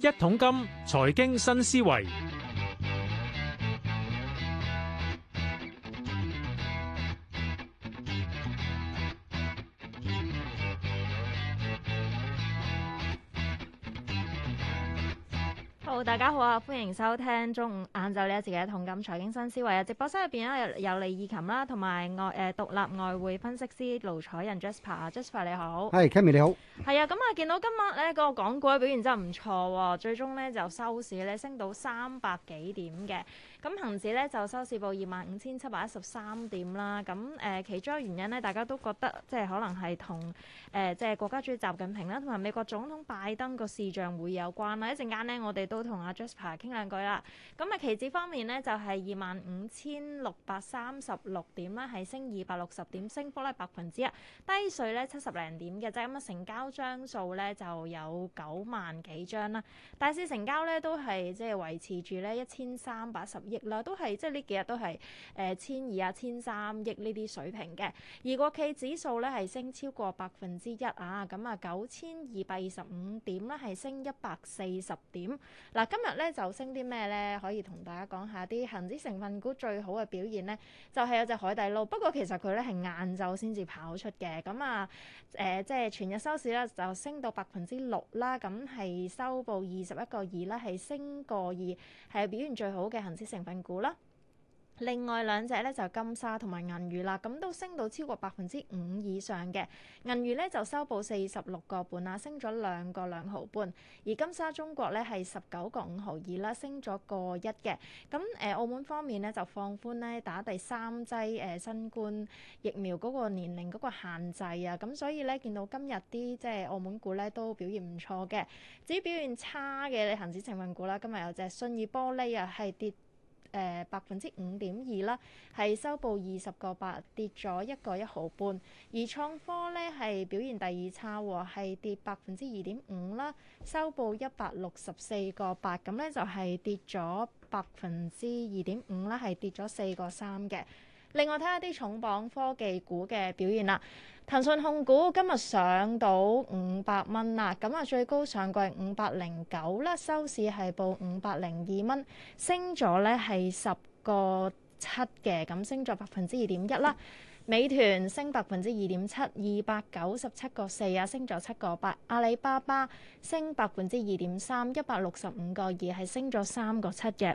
一桶金，財經新思維。歡迎收聽中午、晏晝呢一節嘅《同感財經新思維》啊！直播室入邊咧有李義琴啦，同埋外誒獨立外匯分析師盧楚仁 Jasper，Jasper 你好，係 Kami 你好，係啊！咁啊見到今日咧個港股嘅表現真係唔錯喎，最終咧就收市咧升到三百幾點嘅，咁恒指咧就收市報二萬五千七百一十三點啦。咁誒，其中嘅原因咧，大家都覺得即係可能係同誒即係國家主席習近平啦，同埋美國總統拜登個視像會有關啦。一陣間咧，我哋都同阿 Jasper。傾兩句啦。咁啊，期指方面咧，就係二萬五千六百三十六點咧，係升二百六十點，升幅咧百分之一。低水咧七十零點嘅啫。咁啊，成交張數咧就有九萬幾張啦。大市成交咧都係即係維持住咧一千三百十億啦，都係即係呢幾日都係誒千二啊千三億呢啲水平嘅。而國企指數咧係升超過百分之一啊。咁啊，九千二百二十五點咧係升一百四十點。嗱、啊，今日咧，就升啲咩咧？可以同大家講下啲恒指成分股最好嘅表現咧，就係、是、有隻海底撈。不過其實佢咧係晏晝先至跑出嘅。咁啊，誒即係全日收市咧就升到百分之六啦。咁係收報二十一個二啦，係升個二，係表現最好嘅恒指成分股啦。另外兩隻咧就是、金沙同埋銀娛啦，咁都升到超過百分之五以上嘅。銀娛咧就收報四十六個半啊，升咗兩個兩毫半。而金沙中國咧係十九個五毫二啦，2, 升咗個一嘅。咁誒，澳門方面咧就放寬咧打第三劑誒新冠疫苗嗰個年齡嗰個限制啊。咁所以咧見到今日啲即係澳門股咧都表現唔錯嘅。至於表現差嘅，你恆指成分股啦，今日有隻信義玻璃啊，係跌。誒百分之五點二啦，係收報二十個八，跌咗一個一毫半。而創科咧係表現第二差喎，係跌百分之二點五啦，收報一百六十四個八，咁咧就係跌咗百分之二點五啦，係跌咗四個三嘅。另外睇下啲重磅科技股嘅表現啦。騰訊控股今日上到五百蚊啦，咁啊最高上季五百零九啦，收市係報五百零二蚊，升咗咧係十個七嘅，咁升咗百分之二點一啦。美團升百分之二點七，二百九十七個四啊，升咗七個八。阿里巴巴升百分之二點三，一百六十五個二係升咗三個七嘅。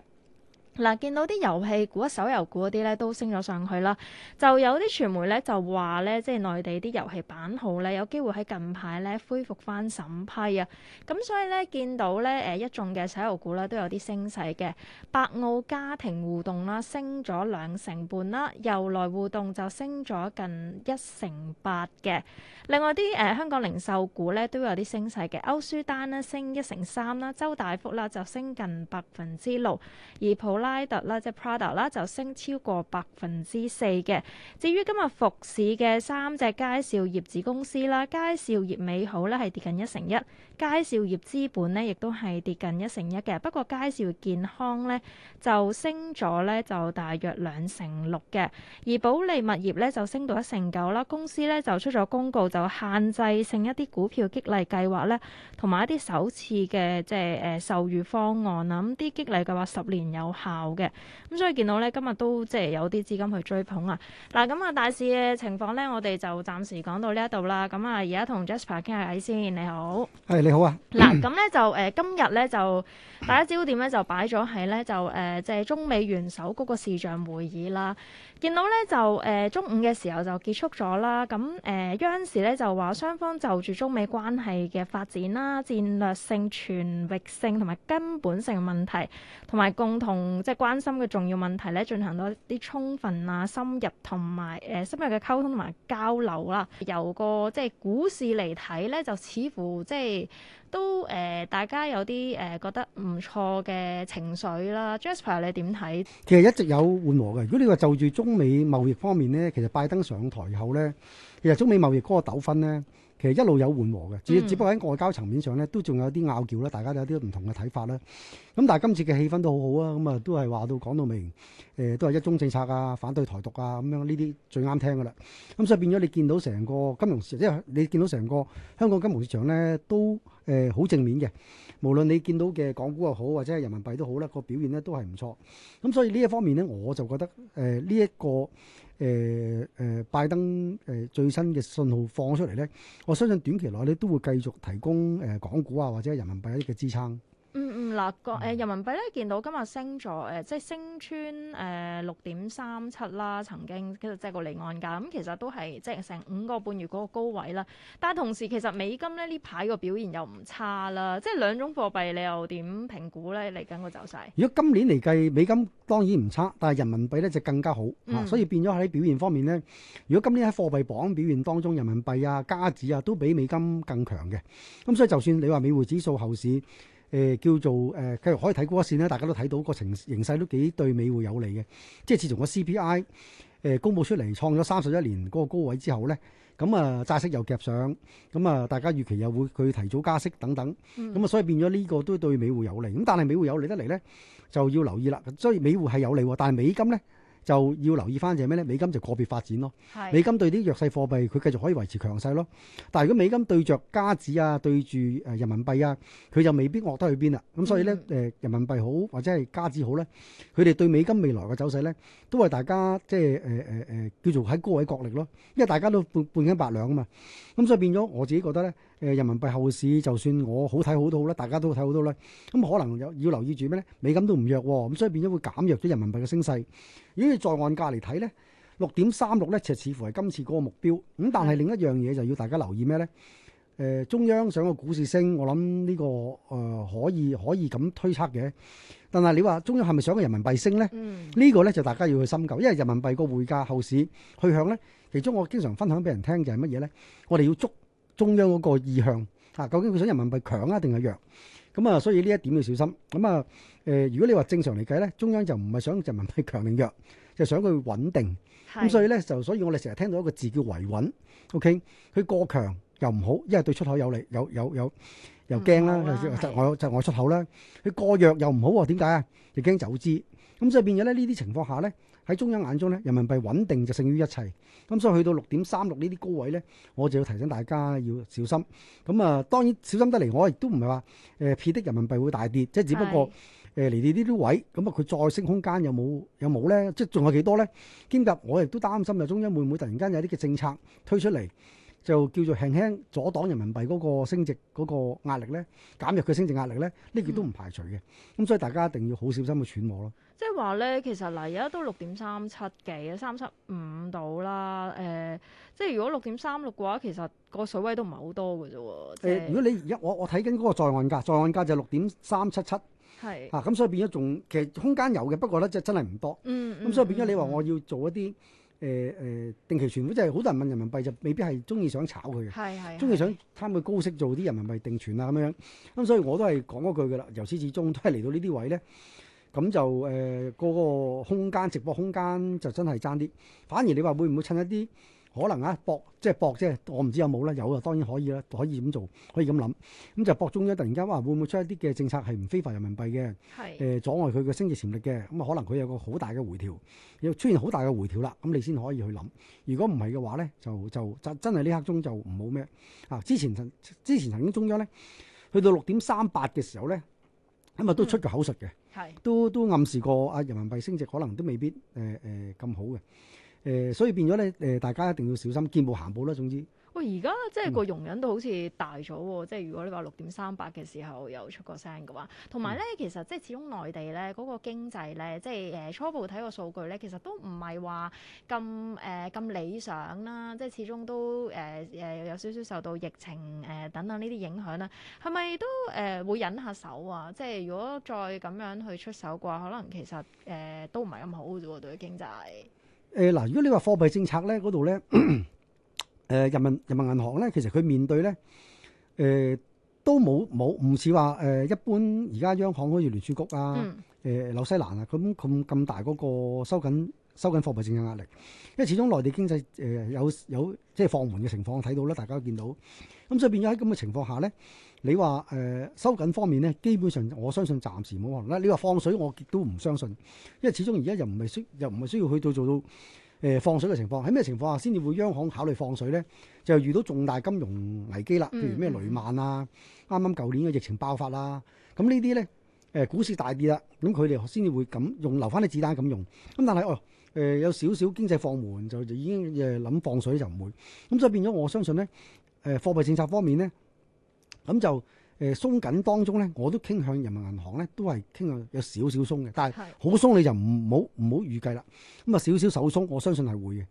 嗱，見到啲遊戲股、手遊股嗰啲咧都升咗上去啦，就有啲傳媒咧就話咧，即係內地啲遊戲版號咧有機會喺近排咧恢復返審批啊，咁所以咧見到咧誒一眾嘅手遊股咧都有啲升勢嘅，百奧家庭互動啦升咗兩成半啦，由來互動就升咗近一成八嘅，另外啲誒、呃、香港零售股咧都有啲升勢嘅，歐舒丹咧升一成三啦，周大福啦就升近百分之六，而普拉特啦，即係 Prada 啦，就升超過百分之四嘅。至於今日服市嘅三隻佳兆業子公司啦，佳兆業美好咧係跌近一成一，佳兆業資本呢亦都係跌近一成一嘅。不過佳兆業健康咧就升咗咧，就大約兩成六嘅。而保利物業咧就升到一成九啦。公司咧就出咗公告，就限制性一啲股票激勵計劃咧，同埋一啲首次嘅即係誒、呃、授予方案啦。咁啲激勵計劃十年有限。嘅咁、嗯、所以見到咧今日都即係有啲資金去追捧啊，嗱。咁啊，大市嘅情況呢，我哋就暫時講到呢一度啦。咁啊而家同 Jasper 傾下偈先。你好？係你好啊，嗱。咁呢，啊、就誒、呃、今日呢，就大家焦點呢，就擺咗喺呢，就誒即係中美元首嗰個視像會議啦見到呢，就誒、呃、中午嘅時候就結束咗啦，咁誒、呃、央視呢，就話雙方就住中美關係嘅發展啦、戰略性全域性同埋根本性問題同埋共同即係關心嘅重要問題咧，進行到一啲充分啊、深入同埋誒深入嘅溝通同埋交流啦、啊。由個即係股市嚟睇咧，就似乎即係都誒、呃，大家有啲誒、呃、覺得唔錯嘅情緒啦、啊。Jasper 你點睇？其實一直有緩和嘅。如果你話就住中美貿易方面咧，其實拜登上台後咧，其實中美貿易嗰個糾紛咧。其實一路有緩和嘅，只只不過喺外交層面上咧，都仲有啲拗撬啦，大家都有啲唔同嘅睇法啦。咁但係今次嘅氣氛都好好啊，咁啊都係話到講到明，誒都係一中政策啊，反對台獨啊，咁樣呢啲最啱聽噶啦。咁所以變咗你見到成個金融市，即係你見到成個香港金融市場咧，都誒好正面嘅。無論你見到嘅港股又好，或者係人民幣都好啦，個表現咧都係唔錯。咁所以呢一方面咧，我就覺得誒呢一個。誒誒、呃，拜登誒、呃、最新嘅信號放出嚟呢，我相信短期內呢都會繼續提供誒、呃、港股啊或者人民幣一啲嘅支撐。嗯嗯嗱，個誒人民幣咧，見到今日升咗誒，即係升穿誒六點三七啦。曾經其實即係個離岸價咁，其實都係即係成五個半月嗰個高位啦。但係同時其實美金咧呢排個表現又唔差啦，即係兩種貨幣你又點評估咧嚟緊個走勢如、嗯？如果今年嚟計，美金當然唔差，但係人民幣咧就更加好，所以變咗喺表現方面咧，如果今年喺貨幣榜表現當中，人民幣啊、加指啊都比美金更強嘅。咁所以就算你話美匯指數後市，誒、呃、叫做誒，繼、呃、續可以睇高一線咧，大家都睇到個情形勢都幾對美匯有利嘅，即係自從個 CPI 誒、呃、公佈出嚟，創咗三十一年個高位之後咧，咁啊債息又夾上，咁啊大家預期又會去提早加息等等，咁啊、嗯嗯、所以變咗呢個都對美匯有利。咁但係美匯有利得嚟咧，就要留意啦。所以美匯係有利，但係美金咧。就要留意翻就係咩咧？美金就個別發展咯。的美金對啲弱勢貨幣，佢繼續可以維持強勢咯。但係如果美金對着加紙啊，對住誒人民幣啊，佢就未必惡得去邊啦。咁所以咧，誒、呃、人民幣好或者係加紙好咧，佢哋對美金未來嘅走勢咧，都係大家即係誒誒誒叫做喺高位角力咯。因為大家都半半斤八兩啊嘛。咁所以變咗我自己覺得咧。誒人民幣後市，就算我好睇好都好啦，大家都睇好都啦。咁可能有要留意住咩咧？美金都唔弱，咁所以變咗會減弱咗人民幣嘅升勢。如果在岸價嚟睇咧，六點三六咧，其實似乎係今次嗰個目標。咁但係另一樣嘢就要大家留意咩咧？誒，中央想個股市升，我諗呢、這個誒、呃、可以可以咁推測嘅。但係你話中央係咪想個人民幣升咧？呢、嗯、個咧就大家要去深究，因為人民幣個匯價後市去向咧，其中我經常分享俾人聽嘅係乜嘢咧？我哋要捉中央嗰個意向嚇、啊，究竟佢想人民幣強啊定係弱、啊？咁啊，所以呢一點要小心。咁啊，誒、呃，如果你話正常嚟計咧，中央就唔係想人民幣強定弱，就想佢穩定。咁是所以咧就，所以我哋成日聽到一個字叫維穩。O K，佢過強又唔好，因為對出口有利，有有有，又驚啦，就外就外出口啦。佢是過弱又唔好，點解啊？又驚走資。咁所以變咗咧，況呢啲情況下咧。喺中央眼中咧，人民幣穩定就勝於一切。咁、嗯、所以去到六點三六呢啲高位咧，我就要提醒大家要小心。咁、嗯、啊，當然小心得嚟，我亦都唔係話誒撇的人民幣會大跌，即係只不過誒嚟到呢啲位，咁啊佢再升空間有冇有冇咧？即係仲有幾多咧？兼及我亦都擔心啊，中央會唔會突然間有啲嘅政策推出嚟？就叫做輕輕阻擋人民幣嗰個升值嗰個壓力咧，減弱佢升值壓力咧，呢件都唔排除嘅。咁、嗯嗯、所以大家一定要好小心去揣摩咯。即係話咧，其實嗱，而家都六點三七幾，三七五度啦。誒、呃，即係如果六點三六嘅話，其實個水位都唔係好多嘅啫喎。誒、就是呃，如果你而家我我睇緊嗰個在岸價，在岸價就六點三七七。係、啊。嚇，咁所以變咗仲，其實空間有嘅，不過咧，即係真係唔多。嗯。咁所以變咗你話我要做一啲。嗯嗯嗯誒誒、呃、定期存款即係好多人問人民幣就未必係中意想炒佢嘅。係係，中意想貪佢高息做啲人民幣定存啊咁樣，咁、嗯、所以我都係講嗰句嘅啦，由始至終都係嚟到呢啲位咧，咁就誒、呃嗰個空間直播空間就真係爭啲，反而你話會唔會趁一啲？可能啊，博即係博，即係我唔知有冇啦，有啊，當然可以啦，可以咁做，可以咁諗。咁就博中央突然間話會唔會出一啲嘅政策係唔非法人民幣嘅，誒是、呃、阻礙佢嘅升值潛力嘅，咁、嗯、啊可能佢有個好大嘅回調，有出現好大嘅回調啦，咁、嗯、你先可以去諗。如果唔係嘅話呢，就就，就真真係呢刻鐘就唔好咩啊。之前曾之前曾經中央呢，去到六點三八嘅時候呢，咁、嗯、啊是都出咗口術嘅，都都暗示過啊人民幣升值可能都未必誒誒咁好嘅。誒、呃，所以變咗咧，誒、呃，大家一定要小心見步行步啦。總之，我而家即係個容忍度好似大咗喎、哦。嗯、即係如果你話六點三八嘅時候又出個聲嘅話，同埋咧，嗯、其實即係始終內地咧嗰、那個經濟咧，即係誒初步睇個數據咧，其實都唔係話咁誒咁理想啦。即係始終都誒誒、呃、有少少受到疫情誒、呃、等等呢啲影響啦。係咪都誒、呃、會忍下手啊？即係如果再咁樣去出手嘅話，可能其實誒、呃、都唔係咁好嘅啫喎，對於經濟。誒嗱、呃，如果你話貨幣政策咧嗰度咧，誒、呃、人民人民銀行咧，其實佢面對咧，誒、呃、都冇冇唔似話誒一般而家央行好似聯儲局啊、誒、呃、紐西蘭啊，咁咁咁大嗰個收緊收緊貨幣政策壓力，因為始終內地經濟誒、呃、有有即係放緩嘅情況睇到啦，大家都見到，到，咁、嗯、所以變咗喺咁嘅情況下咧。你話誒、呃、收緊方面咧，基本上我相信暫時冇可能啦。你話放水，我亦都唔相信，因為始終而家又唔係需又唔係需要去到做，做到誒、呃、放水嘅情況。喺咩情況下先至會央行考慮放水咧？就遇到重大金融危機啦，譬如咩雷曼啊，啱啱舊年嘅疫情爆發啦，咁呢啲咧誒股市大跌啦，咁佢哋先至會咁用留翻啲子彈咁用。咁但係哦誒有少少經濟放緩就就已經誒諗放水就唔會。咁所以變咗我相信咧誒、呃、貨幣政策方面咧。咁就誒鬆緊當中咧，我都傾向人民銀行咧，都係傾向有少少鬆嘅，但係好鬆你就唔好唔好預計啦。咁啊少少手鬆，我相信係會嘅。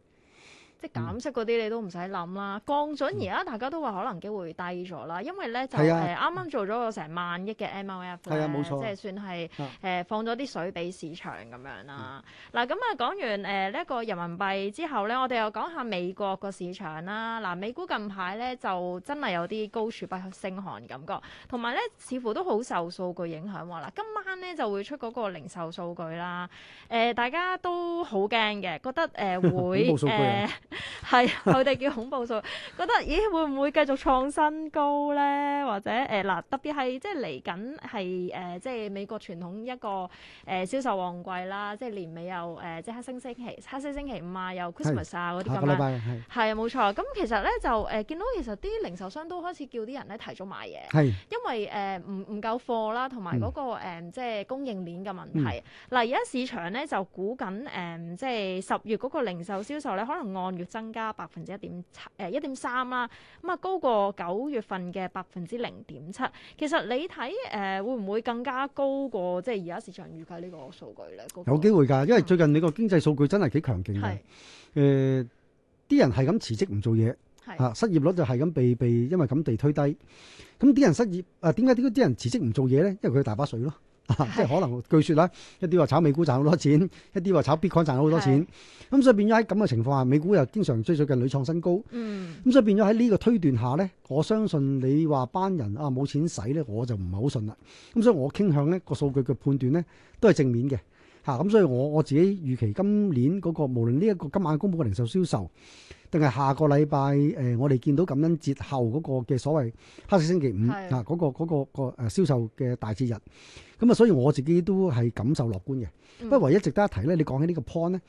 即係減息嗰啲你都唔使諗啦，降準而家大家都話可能機會低咗啦，因為咧就係啱啱做咗個成萬億嘅 MLF 啦，即係算係誒、啊、放咗啲水俾市場咁樣啦。嗱咁、嗯、啊講完誒呢一個人民幣之後咧，我哋又講下美國個市場啦。嗱、啊、美股近排咧就真係有啲高處不勝寒感覺，同埋咧似乎都好受數據影響喎。嗱今晚咧就會出嗰個零售數據啦，誒、呃、大家都好驚嘅，覺得誒、呃、會誒。 數據 係，佢哋 叫恐怖數，覺得咦會唔會繼續創新高咧？或者誒嗱、呃，特別係即係嚟緊係誒，即係、呃、美國傳統一個誒、呃、銷售旺季啦，即係年尾又誒、呃，即係黑星星期黑星星期五啊，又 Christmas 啊嗰啲咁啊，係冇錯。咁其實咧就誒、呃、見到其實啲零售商都開始叫啲人咧提早買嘢，是因為誒唔唔夠貨啦，同埋嗰個、嗯嗯、即係供應鏈嘅問題。嗱、嗯，而家、嗯、市場咧就估緊誒即係十月嗰個零售銷售咧，可能按增加百分之一點七誒，一點三啦，咁啊高過九月份嘅百分之零點七。其實你睇誒、呃、會唔會更加高過？即係而家市場預計呢、那個數據咧，有機會噶，因為最近你個經濟數據真係幾強勁嘅。誒是，啲、呃、人係咁辭職唔做嘢，是啊，失業率就係咁被被因為咁地推低。咁啲人失業啊？點解啲啲人辭職唔做嘢咧？因為佢大把水咯。啊， 即係可能據說咧，一啲話炒美股賺好多錢，一啲話炒 Bitcoin 賺好多錢，咁是、嗯、所以變咗喺咁嘅情況下，美股又經常追咗近屢創新高。嗯，咁所以變咗喺呢個推斷下咧，我相信你話班人啊冇錢使咧，我就唔係好信啦。咁、嗯、所以我傾向咧個數據嘅判斷咧都係正面嘅，吓、啊、咁、嗯、所以我我自己預期今年嗰、那個無論呢、這、一個今晚公布嘅零售銷售。定係下個禮拜誒，我哋見到感恩節後嗰個嘅所謂黑色星期五是的 啊，嗰、那個嗰、那個個、呃、銷售嘅大節日，咁啊，所以我自己都係感受樂觀嘅。不過、嗯、唯一值得一提咧，你講起呢個 point 咧，誒、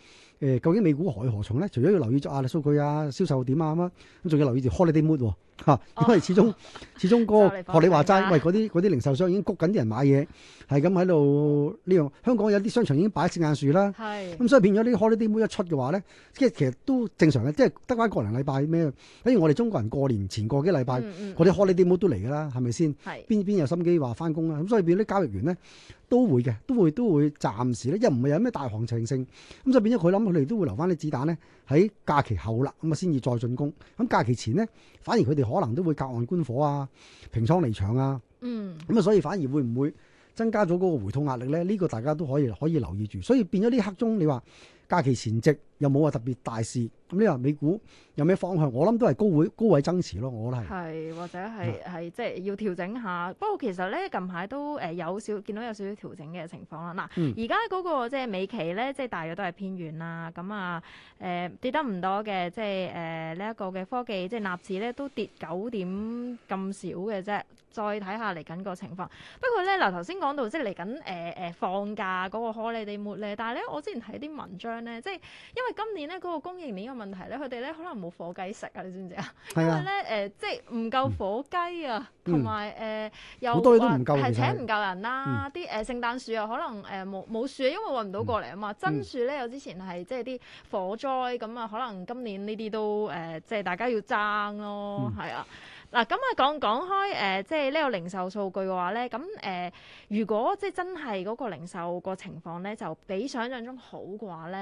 呃、究竟美股何去何從咧？除咗要留意咗亞利數據啊、銷售點啊咁啊，咁仲要留意住 holiday mood 喎、啊、因為始終、哦、始終嗰、那個學、哦、你話齋，啊、喂嗰啲啲零售商已經谷緊啲人買嘢，係咁喺度呢樣香港有啲商場已經擺啲聖誕樹啦，咁所以變咗呢 holiday mood 一出嘅話咧，即係其實都正常嘅，即係。得翻個零禮拜咩？比如我哋中國人過年前過幾禮拜，我哋 holiday mode 都嚟㗎啦，係咪先？是邊邊有心機話翻工啦？咁所以變咗啲交易員咧都會嘅，都會都會，都會暫時咧，因為唔係有咩大行情性，咁所以變咗佢諗，佢哋都會留翻啲子彈咧喺假期後啦，咁啊先至再進攻。咁假期前咧，反而佢哋可能都會隔岸觀火啊，平倉離場啊。嗯。咁啊，所以反而會唔會增加咗嗰個回吐壓力咧？呢個大家都可以可以留意住。所以變咗呢刻鐘，你話。假期前夕又冇話特別大事，咁你話美股有咩方向？我諗都係高位高位增持咯，我覺得係。係或者係係即係要調整下，不過其實咧近排都誒有少見到有少少調整嘅情況啦。嗱，而家嗰個即係美期咧，即係大約都係偏軟啦。咁啊誒跌得唔多嘅，即係誒呢一個嘅科技即係納指咧都跌九點咁少嘅啫。再睇下嚟緊個情況，不過咧嗱頭先講到即係嚟緊誒誒放假嗰個 holiday 末咧，但係咧我之前睇啲文章。即係因為今年咧嗰個供應鏈嘅問題咧，佢哋咧可能冇火雞食啊，你知唔知是啊？因為咧，誒，即係唔夠火雞啊，同埋誒，又好多嘢都唔夠，係請唔夠人啦。啲誒聖誕樹又可能誒冇冇樹，因為運唔到過嚟啊嘛。嗯、真樹咧有之前係即係啲火災咁啊，可能今年呢啲都誒、呃，即係大家要爭咯，係、嗯、啊。嗱咁啊，講講開誒、呃，即係呢個零售數據嘅話咧，咁、呃、誒，如果即係真係嗰個零售個情況咧，就比想像中好嘅話咧，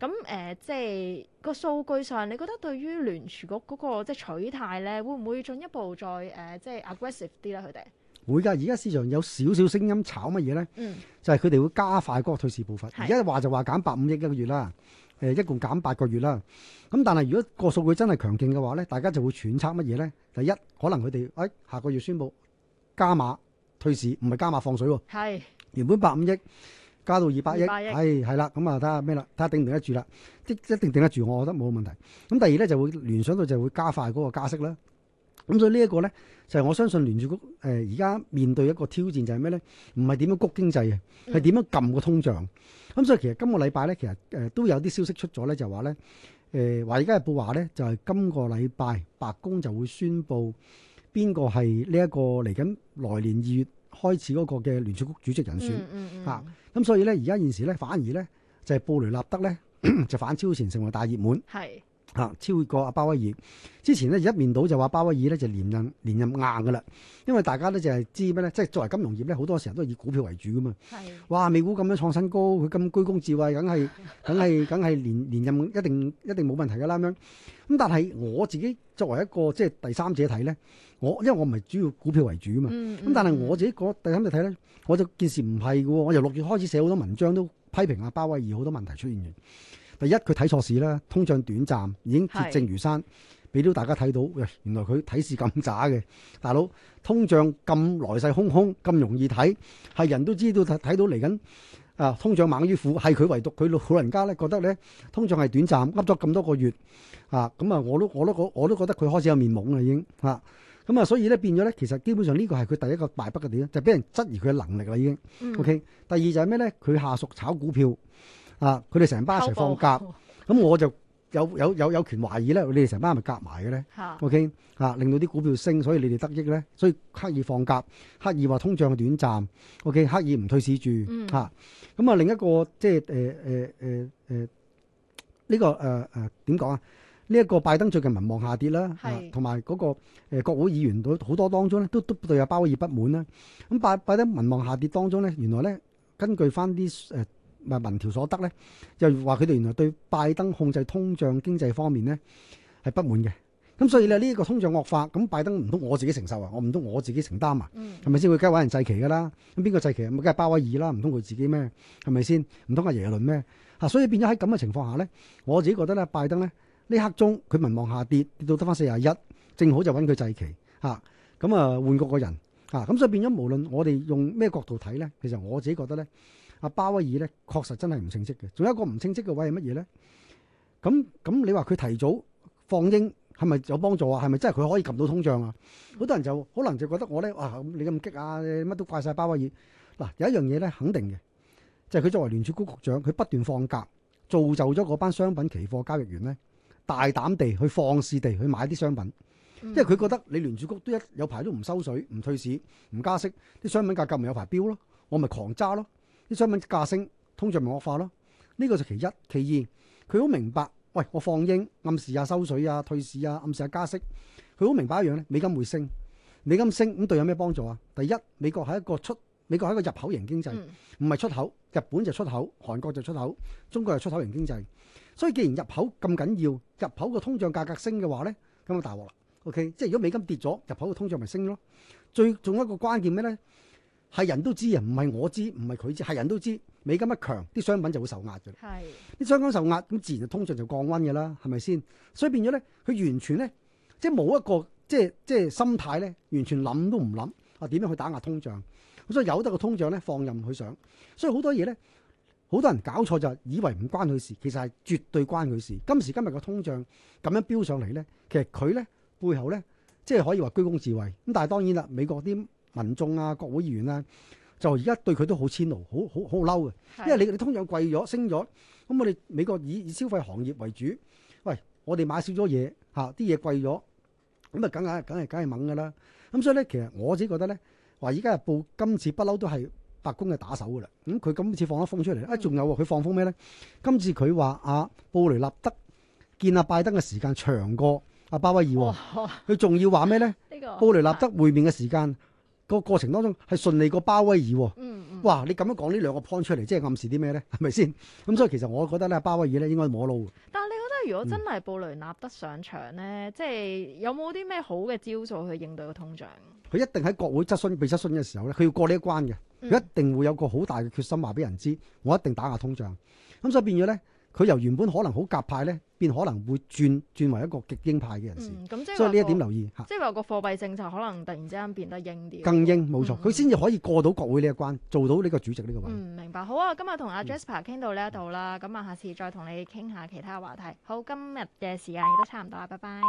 咁、呃、誒，即係個數據上，你覺得對於聯儲局嗰個即係取態咧，會唔會進一步再誒、呃、即係 aggressive 啲咧？佢哋會㗎，而家市場有少少聲音炒乜嘢咧？嗯，就係佢哋會加快嗰個退市步伐。而家話就話減百五億一個月啦。誒一共減八個月啦，咁但係如果個數據真係強勁嘅話咧，大家就會揣測乜嘢咧？第一，可能佢哋誒下個月宣佈加碼退市，唔係加碼放水喎、啊。是原本百五億加到二百億，係係啦，咁啊睇下咩啦，睇下、嗯、頂唔頂得住啦。啲一定頂得住，我覺得冇問題。咁、嗯、第二咧就會聯想到就會加快嗰個加息啦。咁所以呢一個咧，就係、是、我相信聯儲局誒而家面對一個挑戰就係咩咧？唔係點樣谷經濟嘅，係點樣撳個通脹。咁、嗯、所以其實今個禮拜咧，其實誒、呃、都有啲消息出咗咧，就話咧誒話華爾街日報話咧，就係、是、今個禮拜白宮就會宣布邊個係呢一個嚟緊來年二月開始嗰個嘅聯儲局主席人選嚇。咁、嗯嗯嗯啊、所以咧，而家現時咧，反而咧就係、是、布雷納德咧 就反超前成為大熱門。係。吓，超越過阿鮑威爾之前咧，一面倒就話鮑威爾咧就連任連任硬噶啦，因為大家咧就係知咩咧，即係作為金融業咧，好多時候都係以股票為主噶嘛。係是哇，美股咁樣創新高，佢咁居功至偉，梗係梗係梗係連連任一定一定冇問題噶啦咁樣。咁但係我自己作為一個即係第三者睇咧，我因為我唔係主要股票為主嘛。咁、嗯嗯嗯、但係我自己個第三者睇咧，我就件事唔係噶，我由六月開始寫好多文章都批評阿鮑威爾好多問題出現。第一，佢睇錯市啦，通脹短暫已經鐵證如山，俾到是大家睇到，原來佢睇市咁渣嘅。大佬，通脹咁來勢洶洶，咁容易睇，係人都知道睇到嚟緊啊，通脹猛於虎，係佢唯獨佢老人家咧覺得咧，通脹係短暫，噏咗咁多個月啊，咁、嗯、啊，我都我都我我都覺得佢開始有面懵啦，已經嚇。咁、嗯、啊，所以咧變咗咧，其實基本上呢個係佢第一個敗筆嘅點，就俾、是、人質疑佢嘅能力啦，已經。嗯、OK。第二就係咩咧？佢下屬炒股票。啊！佢哋成班一齊放鴿，咁 我就有有有有權懷疑咧，你哋成班係咪夾埋嘅咧？嚇，OK 嚇、啊，令到啲股票升，所以你哋得益咧，所以刻意放鴿，刻意話通脹嘅短暫，OK，刻意唔退市住嚇。咁、嗯、啊，另一、er, 呃呃這個即係誒誒誒誒呢個誒誒點講啊？呢、呃、一、呃呃呃這個拜登最近民望下跌啦，同埋嗰個誒、呃呃、國會議員好多當中咧，都都，都對阿鮑爾不滿啦。咁拜拜登民望下跌當中咧，原來咧根據翻啲誒。嗯嗯嗯嗯係民調所得咧，就話佢哋原來對拜登控制通脹經濟方面咧係不滿嘅，咁所以咧呢個通脹惡化，咁拜登唔通我自己承受啊？我唔通我自己承擔啊？係咪先？佢梗係揾人祭旗噶啦，咁邊個祭旗？咪梗係鮑威爾啦，唔通佢自己咩？係咪先？唔通阿耶倫咩？嚇、啊，所以變咗喺咁嘅情況下咧，我自己覺得咧，拜登咧呢刻中佢民望下跌，跌到得翻四十一，正好就揾佢祭旗嚇，咁啊，啊，啊換個個人嚇，咁、啊、所以變咗無論我哋用咩角度睇咧，其實我自己覺得咧。阿鮑威爾咧，確實真係唔稱職嘅。仲有一個唔稱職嘅位係乜嘢咧？咁咁，你話佢提早放鷹係咪有幫助啊？係咪真係佢可以冚到通脹啊？好多人就可能就覺得我咧哇，你咁激啊，乜都怪晒鮑威爾嗱、啊。有一樣嘢咧，肯定嘅就係、是、佢作為聯儲局局長，佢不斷放鴿，造就咗嗰班商品期貨交易員咧，大膽地去放肆地去買啲商品，嗯、因為佢覺得你聯儲局都一有排都唔收水、唔退市、唔加息，啲商品價格咪有排飆咯，我咪狂揸咯。.啲商品價升，通脹咪惡化咯？呢、這個就其一，其二佢好明白，喂，我放鷹暗示啊收水啊退市啊暗示啊加息，佢好明白一樣咧，美金會升，美金升咁對有咩幫助啊？第一，美國係一個出，美國係一個入口型經濟，唔係、嗯、出口。日本就出口，韓國就出口，中國就出口型經濟。所以既然入口咁緊要，入口個通脹價格升嘅話咧，咁啊大鑊啦。OK，即係如果美金跌咗，入口個通脹咪升咯。最，最，最仲一個關鍵咩咧？係人都知啊，唔係我知，唔係佢知，係人都知。美金一強，啲商品就會受壓嘅。係啲是商品受壓，咁自然就通脹就降溫嘅啦，係咪先？所以變咗咧，佢完全咧，即係冇一個即係即係心態咧，完全諗都唔諗啊點樣去打壓通脹。咁所以由得個通脹咧，放任佢上。所以好多嘢咧，好多人搞錯就以為唔關佢事，其實係絕對關佢事。今時今日個通脹咁樣飆上嚟咧，其實佢咧背後咧，即係可以話居功至偉。咁但係當然啦，美國啲。民眾啊，國會議員啊，就而家對佢都好遷怒，好好好嬲嘅，因為你你通常貴咗，升咗咁，我哋美國以以消費行業為主，喂，我哋買少咗嘢嚇，啲嘢貴咗，咁啊，梗係梗係梗係猛噶啦。咁所以咧，其實我自己覺得咧，話而家啊，布今次不嬲都係白宮嘅打手噶啦。咁、嗯、佢今次放咗風出嚟，嗯、啊，仲有佢放風咩咧？今次佢話阿布雷納德見阿、啊、拜登嘅時間長過阿、啊、鮑威爾，佢仲、哦哦、要話咩咧？ 布雷納德會面嘅時間，個過程當中係順利過鮑威爾喎，哦，嗯嗯，哇！你咁樣講呢兩個 point 出嚟，即係暗示啲咩咧？係咪先咁？所以其實我覺得咧，鮑威爾咧應該冇得撈嘅。但係你覺得如果真係布雷納德上場咧，嗯、即係有冇啲咩好嘅招數去應對個通脹？佢一定喺國會質詢被質詢嘅時候咧，佢要過呢一關嘅，佢一定會有個好大嘅決心話俾人知，嗯、我一定打壓通脹。咁所以變咗咧，佢由原本可能好鴿派咧。可能會轉轉為一個極鷹派嘅人士，嗯、即所以呢一點留意吓。即係話個貨幣政策可能突然之間變得硬啲，更硬英冇、嗯、錯，佢先至可以過到國會呢一關，做到呢個主席呢個位。嗯，明白。好啊，今日同阿 Jasper 傾到呢一度啦，咁啊、嗯，下次再同你傾下其他話題。好，今日嘅時間亦都差唔多啦，拜拜。